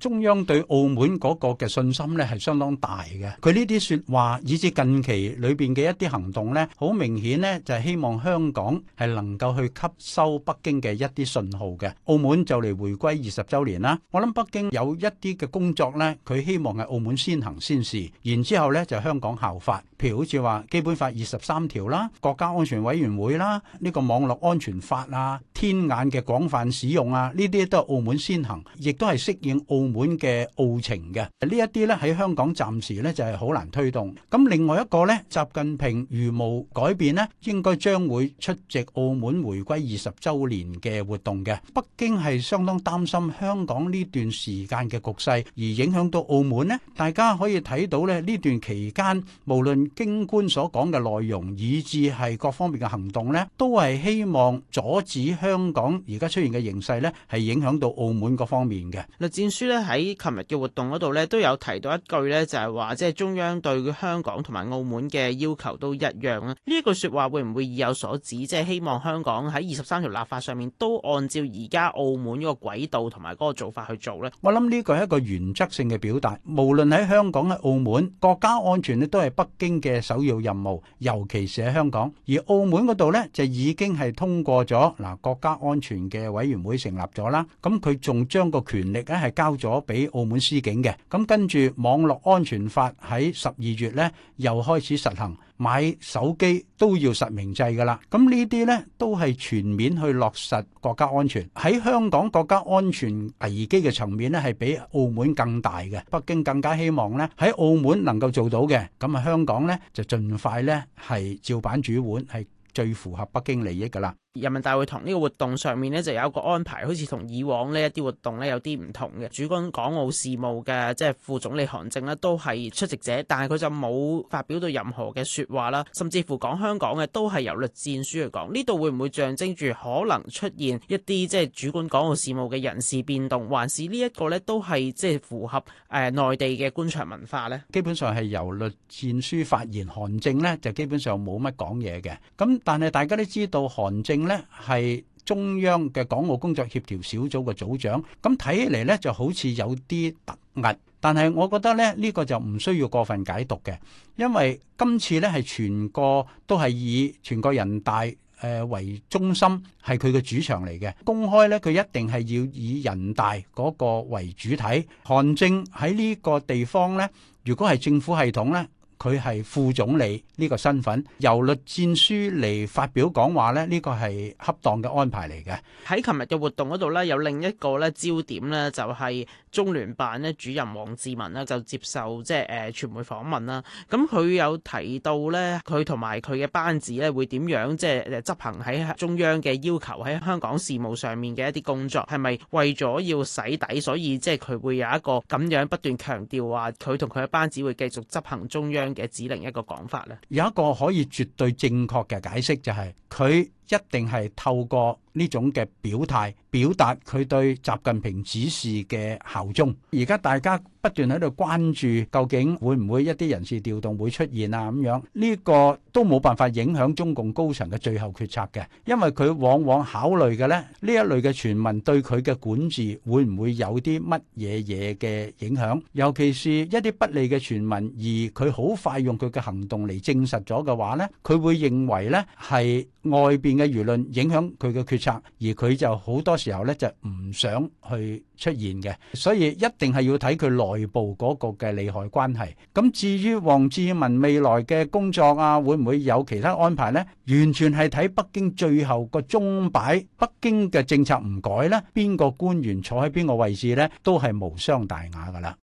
中央對澳門嗰個嘅信心咧，係相當大嘅，佢呢啲說話以至近期裏邊嘅一啲行動呢，好明顯呢就係希望香港係能夠去吸收北京嘅一啲信號嘅。澳門就嚟回歸二十周年啦，我諗北京有一啲嘅工作呢，佢希望係澳門先行先試，然之後呢就香港效法，譬如好似話基本法二十三條啦、國家安全委員會啦、呢、呢個網絡安全法啊。天眼嘅廣泛使用啊，呢啲都係澳門先行，亦都係適應澳門嘅澳情嘅。呢一啲咧喺香港暫時咧就係好難推動。咁另外一個咧，習近平如無改變咧，應該將會出席澳門回歸二十週年嘅活動嘅。北京係相當擔心香港呢段時間嘅局勢而影響到澳門咧。大家可以睇到咧呢段期間，無論京官所講嘅內容，以至係各方面嘅行動咧，都係希望阻止香港。香港而家出現嘅形勢咧，係影響到澳門各方面嘅。栗戰書咧喺琴日嘅活動嗰度咧，都有提到一句咧，就係話即係中央對香港同埋澳門嘅要求都一樣啦。呢一句説話會唔會意有所指，即係希望香港喺二十三條立法上面都按照而家澳門嗰個軌道同埋嗰個做法去做咧？我諗呢句係一個原則性嘅表達，無論喺香港啊澳門，國家安全咧都係北京嘅首要任務，尤其是喺香港，而澳門嗰度咧就已經係通過咗嗱各。國家安全嘅委員會成立咗啦，咁佢仲將個權力咧係交咗俾澳門司警嘅，咁跟住網絡安全法喺十二月咧又開始實行，買手機都要實名制噶啦，咁呢啲呢都係全面去落實國家安全。喺香港國家安全危機嘅層面呢，係比澳門更大嘅，北京更加希望呢喺澳門能夠做到嘅，咁啊香港呢就盡快呢係照版煮碗，係最符合北京利益噶啦。人民大會堂呢個活動上面呢，就有一個安排，好似同以往呢一啲活動呢有啲唔同嘅。主管港澳事務嘅即係副總理韓正呢，都係出席者，但係佢就冇發表到任何嘅說話啦，甚至乎講香港嘅都係由栗戰書去講。呢度會唔會象徵住可能出現一啲即係主管港澳事務嘅人事變動，還是呢一個呢，都係即係符合誒、呃、內地嘅官場文化呢？基本上係由栗戰書發言，韓正呢，就基本上冇乜講嘢嘅。咁但係大家都知道韓正。咧係中央嘅港澳工作協調小組嘅組長，咁睇起嚟呢就好似有啲突兀，但係我覺得咧呢個就唔需要過分解讀嘅，因為今次呢係全國都係以全國人大誒為中心，係佢嘅主場嚟嘅，公開呢，佢一定係要以人大嗰個為主體，韓正喺呢個地方呢，如果係政府系統呢。佢係副總理呢個身份，由栗戰書嚟發表講話咧，呢、呢個係恰當嘅安排嚟嘅。喺琴日嘅活動嗰度咧，有另一個咧焦點咧，就係中聯辦咧主任王志民啦，就接受即係誒傳媒訪問啦。咁佢有提到咧，佢同埋佢嘅班子咧會點樣即係執行喺中央嘅要求喺香港事務上面嘅一啲工作，係咪為咗要洗底，所以即係佢會有一個咁樣不斷強調話佢同佢嘅班子會繼續執行中央，嘅指令一個講法咧，有一個可以絕對正確嘅解釋就係佢。一定係透過呢種嘅表態表達佢對習近平指示嘅效忠。而家大家不斷喺度關注，究竟會唔會一啲人事調動會出現啊？咁樣呢個都冇辦法影響中共高層嘅最後決策嘅，因為佢往往考慮嘅呢，呢一類嘅傳聞對佢嘅管治會唔會有啲乜嘢嘢嘅影響，尤其是一啲不利嘅傳聞，而佢好快用佢嘅行動嚟證實咗嘅話，呢佢會認為呢係。外邊嘅輿論影響佢嘅決策，而佢就好多時候呢就唔想去出現嘅，所以一定係要睇佢內部嗰個嘅利害關係。咁至於王志民未來嘅工作啊，會唔會有其他安排呢？完全係睇北京最後個鐘擺，北京嘅政策唔改呢，邊個官員坐喺邊個位置呢，都係無傷大雅噶啦。